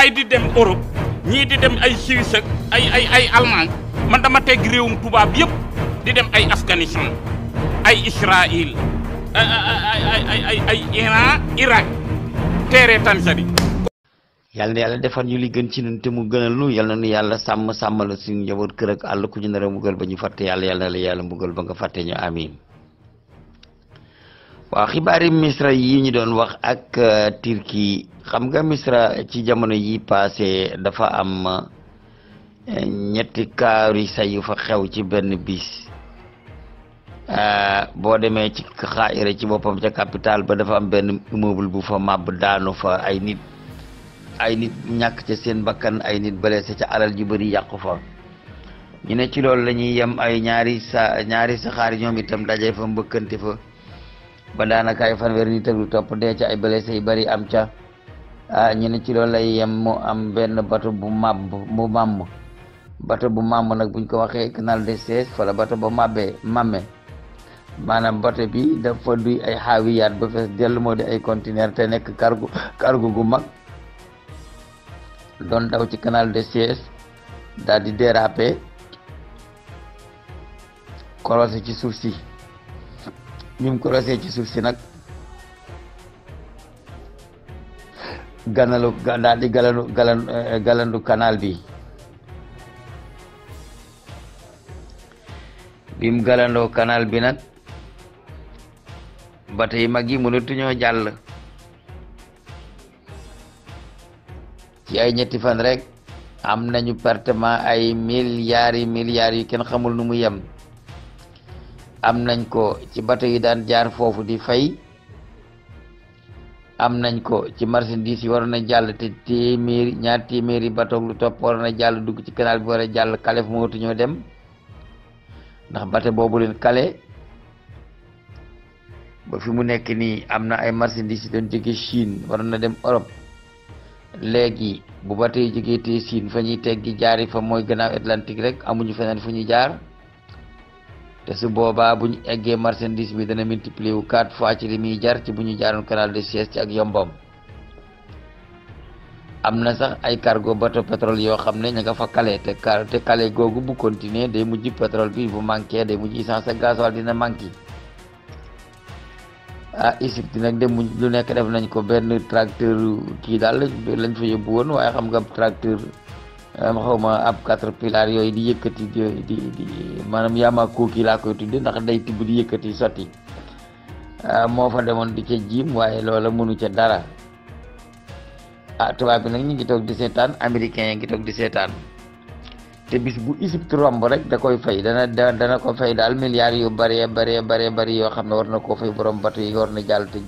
gars di dem Europe ñii di dem ay Suisse ay ay ay man dama teg réewum tubaab yëpp di dem ay Afghanistan ay Israël ay ay ay ay ay Iran Irak yàlla na defar ñu li gën ci ñun te mu gënal ñu yàlla na yàlla sàmm sàmmal suñu njaboot kër ak àll ku ñu nar a ba ñu fàtte yàlla yàlla na yàlla mbugal ba nga fàtte ñu amiin. waaw xibaari misra yi ñu doon wax ak euh, turki xam nga misra ci jamono yi passé dafa am euh, ñetti kaari sa yu fa xew ci benn bis euh, boo demee ci xaayira ci boppam ca capital ba dafa am benn immeuble bu fa màbb daanu fa ay nit ay nit ñàkk ca seen bakkan ay nit blessé ca alal ju bëri yàqu fa ñu ne ci loolu lañuy ñuy yem ay ñaari sa ñaari saxaar ñoom itam daje fa mbëkkante fa bandana ka fan weer ni teglu top de ci ay blessé yi bari am ca ñu ne ci loolu lay yem mu am benn bato bu mab mu mam bato bu mam nak buñ ko waxe kanal de ses fa la bato bu màbbee mamé manam bato bi fa duy ay xaawiyaat ba fess del modi di ay container te nek cargo cargo gu mag don daw ci canal de ses daal di déraper kolosé ci si bi mu ko rasee ci suuf si nag ganalu galandu eh, galandu bi mu galandoo kanaal bi nag bato yi mag yi mënatuñoo jàll ci ay ñetti fan rek am nañu pertement ay milliards yi milliards yu kenn xamul nu mu yem am nañ ko ci bate yi daan jaar foofu di fay am nañ ko ci marchandise yi waroon a jàll te téeméeri ñaar téeméeri bato topp waroon jàll dugg ci canal bi war a jàll kale fu mënatu ñoo dem ndax bate boobu leen kale ba fi mu nekk nii am na ay marchandise yi doon jóge Chine waroon na dem Europe léegi bu bato yi jógee te Chine fa ñuy teggi jaari fa mooy gannaaw Atlantique rek amuñu feneen fu ñuy jaar te su boobaa bu ñu eggee marchandise mi dana multiplier wu quatre fois ci li muy jar ci bu ñu jaaroon canal de Suez ci ak yombam am na sax ay cargo bateau pétrole yoo xam ne ña nga fa kale te ka te kale googu bu continuer day mujj pétrole bi bu manqué day mujj essence ak gasoil dina manqué ah Égypte nag de mu lu nekk def nañ ko benn tracteur kii daal lañ fa yóbbu woon waaye xam nga tracteur. xaw ma ab quatre pilar yooyu di yëkkati di di di maanaam yaama kooki laa koy tudde ndax day tibb di yëkkati sotti moo fa demoon di ca jiim waaye loola mënu ca dara ah tubaab bi nag ñu ngi toog di seetaan américain yi ngi toog di seetaan te bis bu Égypte romb rek da koy fay dana dana ko fay daal milliards yu bëree bëree bëree bëri yoo xam war na koo fay borom bato war na jàll te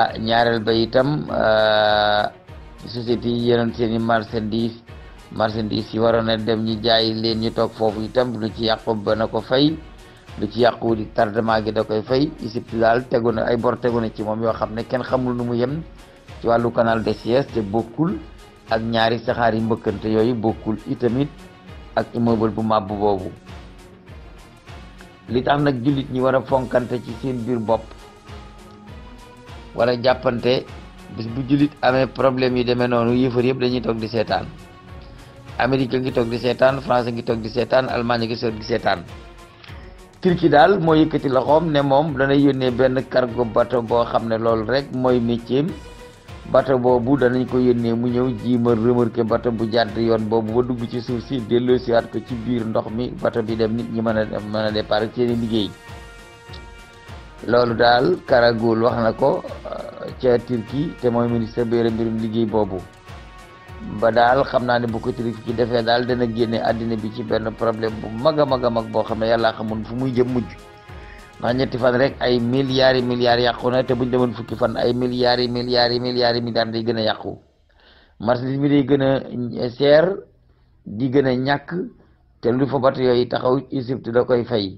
ah ba itam société yi yoroon seen i marchandise marchandise yi waroon a dem ñu jaay leen ñu toog foofu itam lu ci yàqu ba na ko fay lu ci yàqu di tardement gi da koy fay Égypte daal tegu na ay bor tegu na ci moom yoo xam ne kenn xamul nu mu yem ci wàllu canal de Suez te bokkul ak ñaari saxaar yi mbëkkante yooyu bokkul itamit ak immeuble bu màbb boobu li tax nag jullit ñi war a fonkante ci seen biir bopp wala jàppante bis bu julit amé problème yi démé noonu yëfar yëpp dañuy tok di seetaan amérique ngi tok di seetaan france ngi tok di seetaan allemagne ngi toog di seetaan turki daal moo yëkkati né ne da na yónnee benn cargo bateau bo xamné ne rek moy métier bateau da nañ ko yónnee mu ñëw jiima remorqué bateau bu jadd yoon bobu ba dugg ci suuf ci delloosiwaat ko ci biir ndox mi bateau bi dem nit ñi mëna mëna départ ci liggéey loolu dal Karagul wax na ko eh, ca te moy ministre bi yore mbirum liggéey bobu ba dal xamna ni bu ko ci defé dal dana génne adina bi ci ben problème bu maga maga mag bo xamné yalla fu muy jëm mujj ndax ñetti fan rek ay milliards milliards yàqu te buñ demone fukki fan ay milliards milliards milliards mi milliards day gën a yàqu day gëna di gëna ñak té lu fa bat yoy taxaw Égypte da koy fay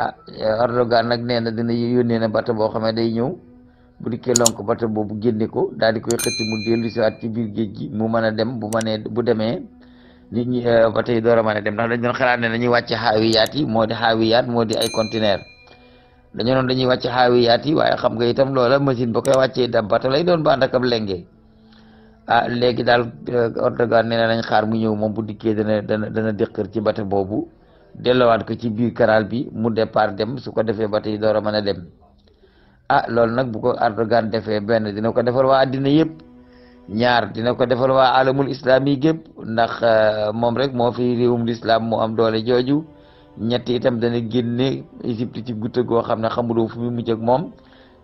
Ah, ya, Erdogan nak neena dina yoni na bata bo xamé day ñew bu diké lonk bata boobu génne ko dal di koy xëcc mu déllu ci waat ci biir géej gi mu mëna dem bu mënee bu démé nit ñi euh, ba tey door a dem ndax dañu doon xalaat ne dañuy wàcce xaawiyaat yi moo ay container dañu non dañuy wacc xaawiyaat waye xam nga itam loola machine bu koy waccé dab bata lay doon ba ndakam lengé ah légui dal euh, Erdogan neena na nañ xaar mu ñew mom bu diké dana dana dékkër ci bata bobu dellowaat ko ci biir kanaal bi mu départ dem su ko defee ba tey door a mën a dem ah loolu nag bu ko Erdogan defee benn dina ko defal waa addina yëpp ñaar dina ko defal waa alamul islam yi gépp ndax euh, moom rek moo fi réewum l'islam mu am doole jooju ñetti itam dana génne Égypte ci gutta goo xam ne xamuloo fu mu mujj moom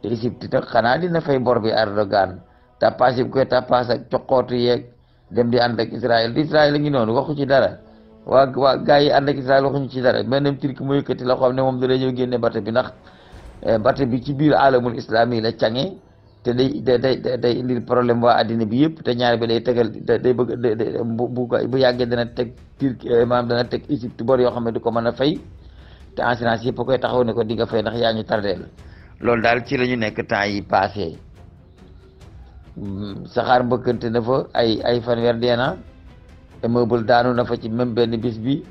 te Égypte xanaa dina fay bor bi Erdogan tappaas yi koy tappaas ak coqootu yeeg dem di ànd ak Israël Israël a ngi noonu waxu ci dara. waa waa gars yi ànd ak Israël waxuñu ci dara benn turki mu yëkkati la xam ne moom dana ñëw génne bata bi ndax eh, bata bi ci biir alamul islami la cange te day day day indi problème waa àddina bi yëpp te ñaar bi day tegal day bëgg bu bu yàggee dana teg turki eh, maanaam dana teg Égypte bor yoo xam ne du ko mën a fay te assurance yëpp koy taxaw ne ko di nga fay ndax yaa ñu tardeel loolu daal ci la ñu nekk temps yi passé hmm, saxaar mbëkkante na fa ay ay fanweer dee na immeuble daanu na fa ci même benn bis bi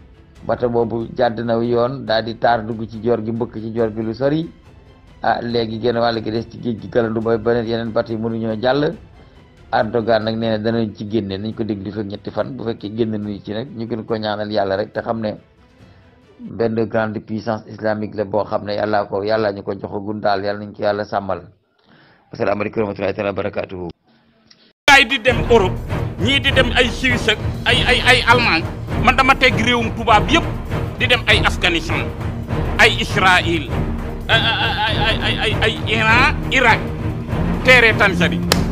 bato boobu jàdd na yoon daal di taar dugg ci joor gi mbëkk ci joor gi lu sori ah léegi genn wàll gi des ci géej gi galandu booy beneen yi mënuñoo jàll Erdogan nag nee na danañ ci génne nañ ko déglu fekk ñetti fan bu fekkee génn nuyu ci nag ñu gën ko ñaanal yàlla rek te xam ne benn grande puissance islamique la boo xam ne yàllaa ko yàllaa ñu ko joxagu daal yàlla nañ ko yàlla sàmmal asalaamaaleykum wa rahmatullahi taala wa barakaatuhu. di dem Europe. ñii di dem ay Suisse ak ay ay ay Allemagne man dama teg réewum tubaab yépp di dem ay Afghanistan ay Israël ay ay Irak teere Tanzanie